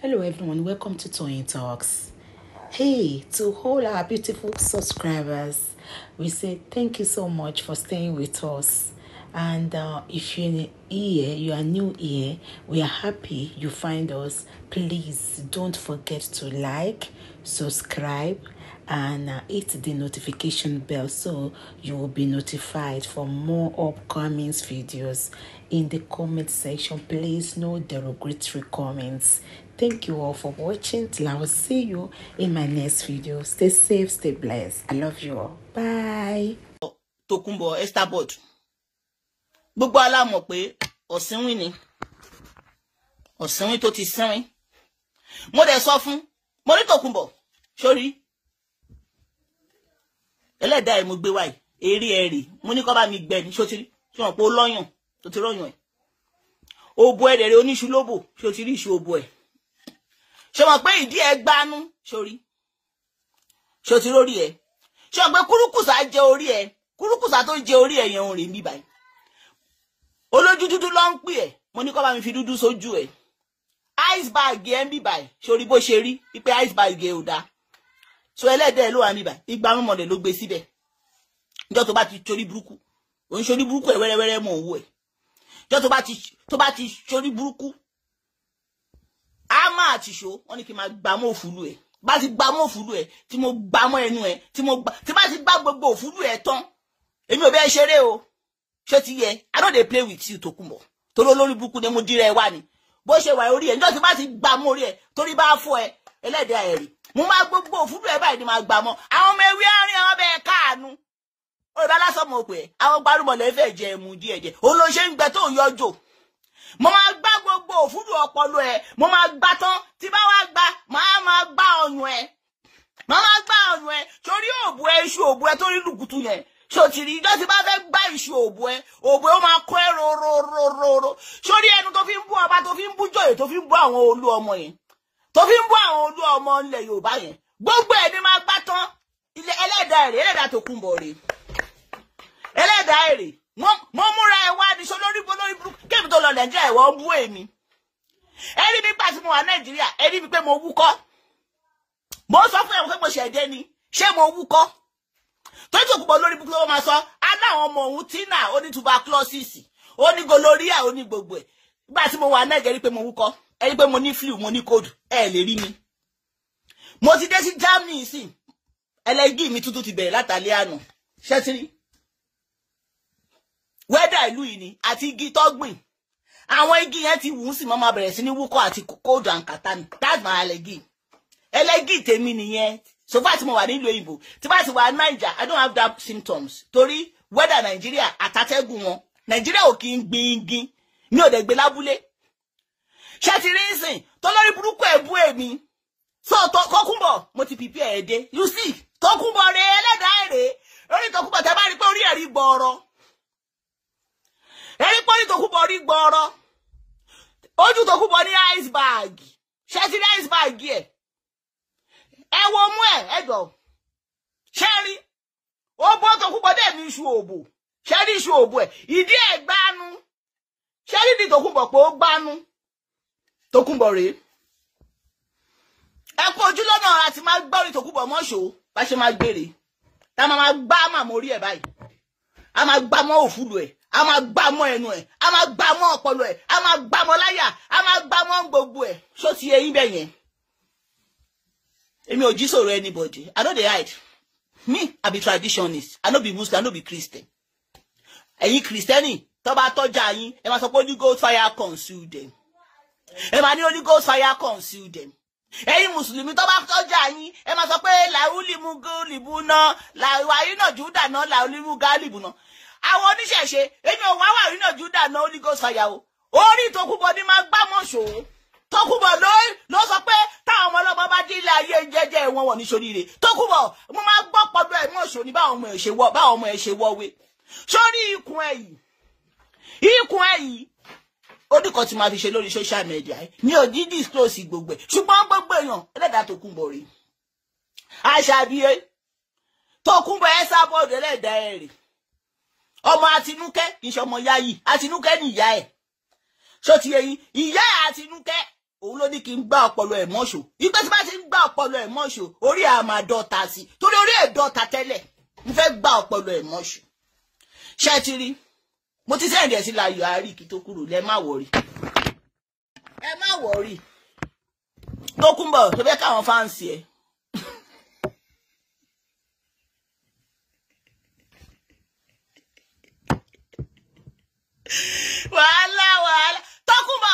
Hello everyone, welcome to Toyeen Talks. Hey, to all our beautiful subscribers, we say thank you so much for staying with us. And uh, if you're here, you are new here, we are happy you find us. Please don't forget to like, subscribe, and uh, hit the notification bell so you will be notified for more upcoming videos in the comment section please no derogatory comments thank you all for watching till i will see you in my next video stay safe stay blessed i love you all bye Tokunbo Esterbod gbogbo alámọ̀ pé ọ̀sìnwín ni ọ̀sìnwín tó ti sínwín mo dẹ̀ sọ fún mo ní Tòkunbọ̀ sórí ẹlẹ́dàá ẹ̀ mo gbé wáyé eré ẹ̀ rè mo ní kọ́ bá mi gbẹ̀ ní sotiri tí wọ́n pọ̀ ó lọ́yàn tó ti rọ̀yàn ẹ̀ òbò ẹ̀ rẹ̀ oníṣu lóbò sotiri ìṣu òbò ẹ̀ ṣe mọ̀ pé ìdí ẹ̀ gbanú sórí sotiri orí ẹ̀ ṣe mọ̀ pé kúrúkùsà jẹ orí ẹ̀ kúrúkùsà tó jẹ orí ẹ̀ òun rè mí báyìí olójú dúdú ló ń pè ẹ̀ mo ní kọ́ bá mi fi dúdú sójú ẹ̀ iceberg ẹ̀ ń bì báyìí sórí bó ṣe rí wípé iceberg ẹ̀ ò dáa so ẹlẹ́dẹ̀ ló wà níbà igba mọ́mọ́ rẹ̀ ló gbé síbẹ̀ níjọ́ tó bá ti torí burúkú òun ṣorí burúkú ẹ̀ wẹ́rẹ́wẹ́rẹ́ mọ̀ owó ẹ̀ níjọ́ tó bá ti tó bá ti ṣorí burúkú á máa ti ṣó wọ́n ní kí n máa gbà mọ́ òfúlù ẹ̀ bá ti gbà mọ́ òfúlù ẹ̀ tí mo gbà mọ́ ẹnu ẹ̀ tí mo gbà tí bá ti gbà gbogbo òfúlù ẹ̀ tán èmi ò bẹ́ẹ̀ ṣeré o ṣé ti yẹ i no dey play with you Tòkunbọ̀ torí olórí burúkú ni mo dira ẹ wá ni bó ṣe wà orí ẹ níjọ́ tí bá ti gbà mọ́ orí ẹ torí bá mo máa gbogbo òfúrú ẹ báyìí ni máa gbà mọ àwọn ọmọ ewé àárín àwọn bẹ́ẹ̀ káàánú olùbá lásán mo pè é àwọn gbarumọlẹ fẹ́ jẹ ẹmu díẹ̀ díẹ̀ òun ló ṣe ń gbẹ tó ń yọjò mo máa gbá gbogbo òfúrú ọpọlọ ẹ mo máa gbá tán tí bá wá gbá màá máa gbá ọyàn ẹ màá máa gbá ọyàn ẹ torí òbú ẹ iṣu òbú ẹ tó rí lùkùtù yẹn sotiri ìjọ tí bá fẹ́ gbá iṣu òbú ẹ òbú ẹ ó máa kọ ẹ rororororo sórí ẹnu tó fi ń bú ọba tó fi ń bú jòyè tó fi ń bú àwọn olú ọmọ yẹn tó fi ń bọ́ àwọn olú ọmọ ilẹ̀ Yorùbá yẹn gbogbo ẹ̀ ni máa gbá tán ilé ẹlẹ́dàá èrè ẹlẹ́dàá tó kún bọ̀ rè ẹlẹ́dàá èrè mo múra ẹ̀ wá níṣó lórí lórí burúkú kébì tó lọ Nàìjíríà ẹ̀wọ̀ ń bú èmi ẹ rí mi gbà tí mo wà Nàìjíríà ẹ rí mi pé mo wúkọ́ mo sọ fún ẹ̀wọ̀n pé mo ṣẹ̀dẹ́ ni ṣé mo wúkọ́ tó tó kúbọ̀ lórí burúkú ló máa sọ aláwọn ọmọ òun tínà ó ní tuberculosis ó ní gonorrhea ó ní gbogbo ẹ̀ gbà tí mo wà Nàìjíríà pé mo wúkọ́ ẹni pé mo ní flu mo ní cold ẹ lè rí mi mo ti dé sí Germany sí ẹlẹgì mi tuntun ti bẹ̀rẹ̀ látàlẹ́ àná ṣẹ́tìrì wẹ́dà ìlú yìí ni àti igi tọ́gbìn àwọn igi yẹn ti wù ú sì mọ́ máa bẹ̀rẹ̀ sí ní wúkọ́ àti cold and kàtánì that's my ẹlẹgì ẹlẹgì tèmi nìyẹn so far tí mo wà nílùú òyìnbó tí bá ti wà Naija I don't have that symptoms torí wẹ́dà Nàìjíríà àtàtẹ́gùn wọn Nàìjíríà ò kì í gbin igi mi ò dẹ̀ gbé lábúlé ṣe ti rí sìn tọ́lọ́rí burúkú ẹ̀ bú èmi so tọkúnbọ̀ mo ti pìpì ẹ̀ you see tọkúnbọ̀ rẹ ẹlẹ́dàá èrè lórí tọkúnbọ̀ tẹ bá rí pé orí ẹ̀rí gbọ̀ọ̀rọ̀ ẹ̀rí pé orí tọkúnbọ̀ rí gbọ̀ọ̀rọ̀ ojú tọkúnbọ̀ ní iceberg ṣe ti rí iceberg ẹ̀ ẹ wo mú ẹ̀ ẹ jọ ṣe rí ó bọ́ tọkúnbọ̀ dẹ̀ mi iṣu òbò ṣe rí iṣu òbò ẹ̀ ìdí ẹ̀ gbanu ṣe rí ní tọkúnbọ̀ pé ó gbanu. Tókunbọ̀ rèé ẹ kú ati lọ́nà àti máa gbọ́ orí Tókunbọ̀ mọ́ṣó bá ṣe máa gbére tá a máa gbá màmú orí ẹ̀ báyìí a máa gbá mọ́ òfúlù E a máa gbá mọ́ ẹnu ẹ̀ a máa gbá mọ́ ọpọlọ ẹ̀ a máa gbá mọ́ láyà a máa gbá mọ́ gbogbo ẹ̀ ṣó ti yẹ yín bẹ́ẹ̀ yẹn èmi ò anybody i no dey hide me i be traditionist i no be muslim i no be christian ẹ̀yin kristẹni tó bá tọ́jà yín ẹ máa sọ pé holy gold fire consume them ẹ máa ní Holy Ghost fire consume them ẹ̀yin mùsùlùmí tó bá tọ́jà yín ẹ máa sọ pé làúlìmú gálìbù náà làwárí náà júdà náà làúlìmú gálìbù náà àwọn oníṣẹ̀ṣe èmi ò wá wàrí náà júdà náà Holy Ghost fire o orí ìtòkùbọ ni máa gbámọ̀ ṣòwò tókùbọ̀ ló ló sọ pé táwọn ọmọ ọlọ́mọ bá dé ilé ayé jẹ́jẹ́ wọn wọ̀ ní ṣoríire tókùbọ̀ mo máa gbọ́ pọ̀dọ̀ ẹ̀ mọ̀ ṣòní báwọn ọmọ ẹ̀ ṣe wọ́ báwọn ọmọ ẹ̀ ṣe wọ́ ó dìkan tí máa fi ṣe lórí social media ẹ ní òjì disclose gbogbo ẹ ṣùgbọ́n gbogbo èèyàn ẹlẹ́dàá tó kún bọ̀ rí àṣàbíyé tó kún bọ̀ ẹ sábọ̀dù ẹlẹ́dàá ẹ rè ọmọ Àtinúkẹ́ kì í ṣe ọmọ Yáyì Àtinúkẹ́ nìyá ẹ̀ ṣó ti yẹ yín ìyá Àtinúkẹ́ òun ló ní kí n gbá ọpọlọ ẹ̀ mọ́ṣọ ìgbà tí bá ti ń gbá ọpọlọ ẹ̀ mọ́ṣọ orí ẹ̀ máa dọ́ta sí torí orí ẹ̀ dọ́ta tẹ́lẹ̀ n fẹ́ gbá ọpọlọ ẹ̀ mọ́ṣọ ṣẹ́tìrì mo ti sẹ́ẹ̀dì ẹ̀ sí Láyọ̀ Àríkì tó kúrò lẹ́ má wọ̀rí ẹ má wọ̀rí tó kún bọ̀ tó fẹ́ káwọn fáǹsì ẹ̀. wàhálà wàhálà tọkùnbọ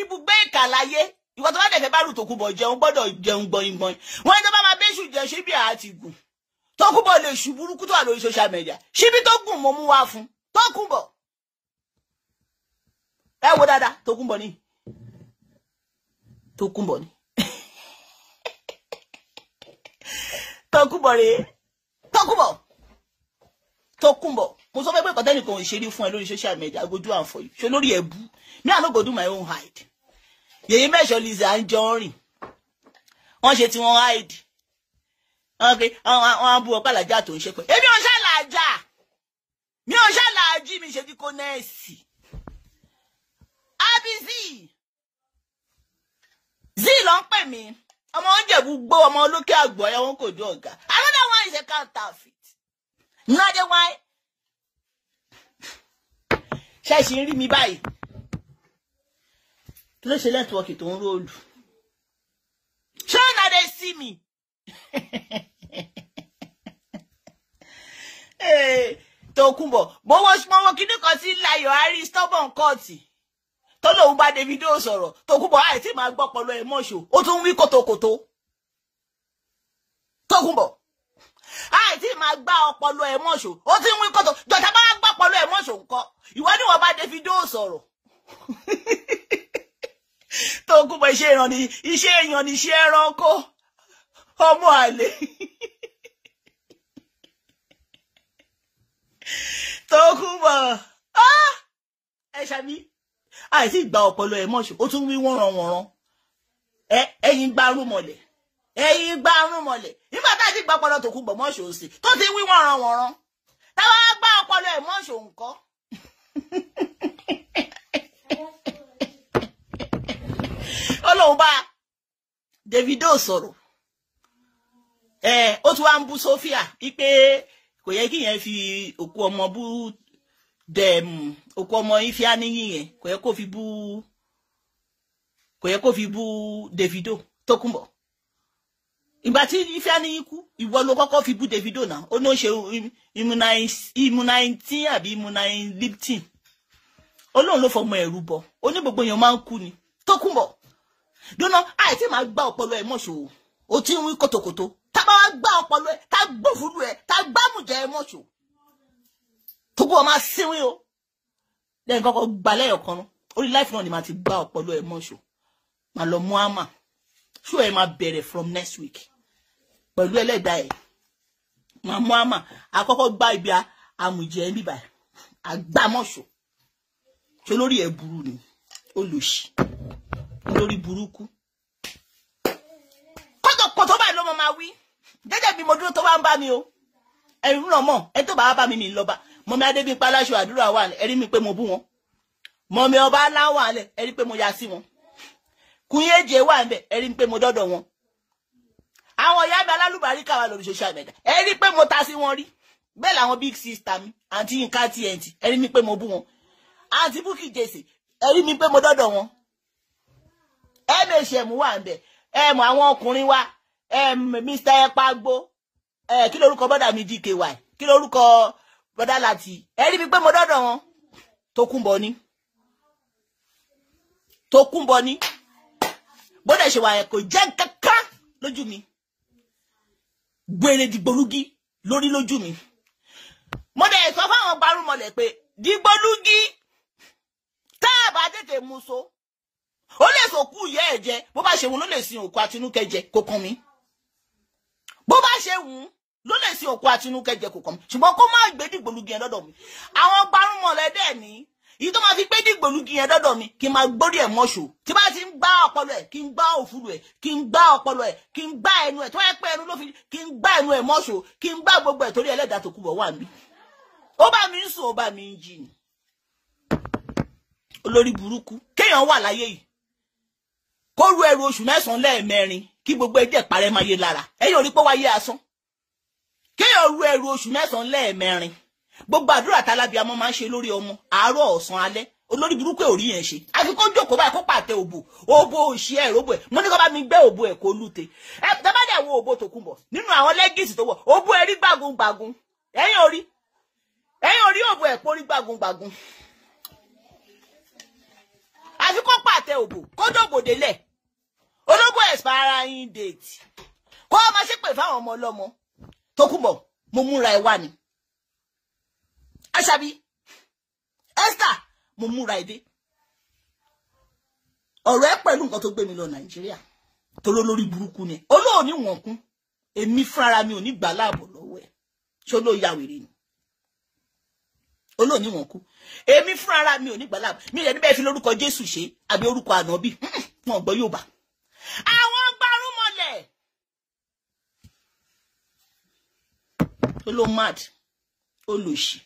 ibùgbé ìkàlàyé ìwọ tó bá dẹ̀ fẹ́ bá rù tòkùnbọ jẹun gbọ́dọ̀ jẹun gbọ̀yìn wọn ẹni bá máa bẹ́ṣù jẹun ṣé bí àá ti gùn tọkùnbọ lè ṣubúrúkú tó wà lórí social media ṣíbí tó gùn mo mú wá fún un Tókunbọ̀ ẹ wo dáadáa Tókunbọ̀ ni Tókunbọ̀ ni Tókunbọ̀ ni. Tókunbọ̀ Tókunbọ̀ mo sọ fẹ́ pé kọ́tẹ́nì kan ò ṣe rí fún ẹ lórí social media agojú àǹfọ̀yì ṣe lórí ẹ̀bú me i no go do my own hide yèyí mẹ́sọ̀ Lizzy Anjorin wọ́n ṣe tí wọ́n hide wọ́n á bu ọ̀pá làjà tó ń ṣe pé èmi ò ṣe làjà mi ò ṣàlàájì mi ṣe bí kò nẹ́ẹ̀sì abizi zi ló ń pè mí ọmọ oúnjẹ gbogbo ọmọ olókè àgbọ̀ ẹ̀ wọn kò dé ọ̀gá another one is a counterfeit nade wáyé ṣẹ́ẹ̀ṣì ń rí mi báyìí kí ló ṣe nẹ́tíwọ́ọ̀kì tó ń róòlù ṣé ọ̀nà dé sí mi. Tòkunbọ̀ bó wọ́n mọ wọn kíní kan sí Láyọ̀ Harry stubborn court tó lòun bá Davido sọ̀rọ̀ Tòkunbọ̀ àìsí máa gbọ́ pọ̀lọ ẹ̀ mọ́ṣọ́ ó tún wí kòtòkòtò Tòkunbọ̀ àìsí máa gbá ọpọlọ ẹ̀ mọ́ṣọ́ ó tún wí kòtò jọ̀tà bá gbá pọ̀lọ ẹ̀ mọ́ṣọ́ nǹkan ìwọ ni wọn bá Davido sọ̀rọ̀ Tòkunbọ̀ iṣẹ́ ìrànní iṣẹ́ ìyànní iṣẹ́ ẹranko ọmọ àlè. Ah! Ah! ẹ ṣàbí àìsí ìgbà ọpọlọ ẹ mọṣù ó tún wí wọ̀nràn wọ̀nràn ẹ̀yin gbárùn mọ́lẹ̀ ẹ̀yin gbárùn mọ́lẹ̀ nígbà tá a ti gba ọpọlọ tó kú bọ mọṣù òsì tó ti wí wọ̀nràn wọ̀nràn táwa gbá ọpọlọ ẹ mọṣù nǹkan. Ọlọ́run bá Davido sọ̀rọ̀ ẹ ó tún wá ń bú Sophia wípé kò yẹ kí yẹn fi òkú ọmọ bú dem òkú ọmọ ifeá níyì yẹn kò yẹ kó fi bú kò yẹ kó fi bú Davido Tókunbọ̀ ìgbà tí ifeá níyì kú ìwọ ló kọ́kọ́ fi bú Davido náà ó ní ó ṣe immunity àbí immunity lipton olóhùn ló fọmọ ẹ̀rù bọ̀ ó ní gbogbo èèyàn máa ń kú ni Tókunbọ̀ dúnà àìtí màá gbá ọpọlọ ẹ mọ̀ṣọ́ o tí ń wí kòtòkòtò tá bá wá gbá ọpọlọ ẹ tá gbófurú ẹ tá gbámùjà ẹ mọ̀ṣọ́ gbogbo ọmọ asínwín o lẹ́yìn kọ́kọ́ gba lẹ́yọ̀kan nu orí life náà ni màá ti gbá ọ̀pọ̀lọ ẹ̀ mọ́ṣọ màá lọ mú àmà ṣó ẹ máa bẹ̀rẹ̀ from next week pẹ̀lú ẹlẹ́dàá ẹ̀ màá mú àmà àkọ́kọ́ gbá ibi àmùjẹ́ ẹ̀ bíbà àgbámọ́ṣọ lórí ẹ̀ burú ni olùṣì lórí burúkú kọ́tọ̀kọ̀ tó báyìí ló mọ̀ máa wí jẹ́jẹ́ bí mo dúró tó bá ń bá mi o ẹ̀rù náà mọ̀ ẹ tó bá bá mi mi lọ́ba mọ́mí adébíyí paláṣọ àdúrà wà lẹ̀ ẹ̀rí mi pé mo bú wọn mọ́mí ọba aláwọ̀ alẹ̀ ẹ̀rí pé mo ya sí wọn kúnyéje wà ń bẹ̀ ẹ̀rí mi pé mo dọ́dọ̀ wọn àwọn ìyá mi alálùbáríkà wà lórí social media ẹ̀rí pé mo ta sí wọn rí bẹ́ẹ̀ làwọn big sister mi àǹtí Yínká TNT ẹ̀rí mi pé mo bú wọn àǹtí Bukky Jesse ẹ̀rí mi pé mo dọ́dọ̀ wọn mhm wà ń bẹ̀ ẹ̀mọ àwọn ọkùnrin wa Mr Epagbo kí lorúkọ bọ́dà mi DKY kí lorúkọ bọ́dá láti ẹ rí mi pé mo dọ́dọ̀ wọn Tókunbọ̀ ni Tókunbọ̀ ni bọ́dà ṣe wà yẹn kò jẹ́ kankan lójú mi gbèrè dìgbòlugi lórí lójú mi mo dẹ̀ sọ fáwọn gbarumọlẹ̀ pé dìgbòlugi tá a bá tètè mú so ó lè sòkú ìyá ẹ̀ jẹ bó bá ṣe wù ú ló lè sin òkú àtinúkẹ́ jẹ kó kàn mí bó bá ṣe ló lè sin òkú àtinúkẹ́ jẹ kò kàn mí ṣùgbọ́n kó má gbé dìgbòlugi yẹn dọ́dọ̀ mi àwọn gbarumọ̀lẹ́ dẹ̀ ní yìí tó máa fi gbé dìgbòlugi yẹn dọ́dọ̀ mi kí n máa gbórí ẹ̀ mọ́ṣù tí bá ti ń gbá ọpọlọ ẹ̀ kí n gbá òfurufú ẹ̀ kí n gbá ọpọlọ ẹ̀ kí n gbá ẹnu ẹ̀ tó yẹ pé ẹnu ló fi kí n gbá ẹnu ẹ̀ mọ́ṣù kí n gbá gbogbo ẹ̀ torí ẹlẹ́dàá tó kú bọ̀ wà mí ó bá mi ń sùn ó bá mi ń jì olórí burúkú kéèyàn wà láyé yìí kó ru ẹrù oṣù mẹ́sàn-án lẹ́ẹ̀mẹrin kí gbogbo ẹjẹ́ parẹ́ máa yé lára ẹ̀yìn orí pé wáyé asán kéèyàn ru ẹrù oṣù mẹ́sàn-án lẹ́ẹ̀mẹrin gbogbo àdúrà tálábìàmọ́ máa ń ṣe lórí ọmọ àárọ̀ ọ̀sán alẹ́ olórí burúkú ò rí yẹn ṣe àfi kó jókòó báyìí kó pàtẹ òbò òbò òṣì ẹ òbò ẹ mo ní kó bá mi gbé òbò ẹ kó lùtẹ ẹ tábàdà wo òbò Tòkunbọ̀ nínú àwọn lẹ́gìsì tó wọ̀ òbò ẹ rí gbàgùn gbàgùn ẹ̀yìn orí ẹ̀yìn orí òbò ẹ kó rí gbàgùn gbàgùn àfi kó pàtẹ òbò kó dòbò délẹ̀ olóbò ẹ̀ spara yín déètì kó o máa ṣépè fáwọn ọmọ ọlọ́mọ Tókunbọ̀ mo múra ẹ wá ni Àṣàbí Esther mo múra ẹ dé ọ̀rọ̀ ẹ pẹ̀lú nǹkan tó gbé mi lọ ni olóò ní wọn kún èmi fúnra mi ò ní gbà láàbò lọ́wọ́ ẹ̀ ya wèrè ni olóò ní wọn kún èmi fúnra mi ò ní gbà láàbò mi rẹ̀ níbẹ̀ fi lórúkọ Jésù ṣe àbí orúkọ ànábì wọn gbọ́ yóò a pé ló mad olùsì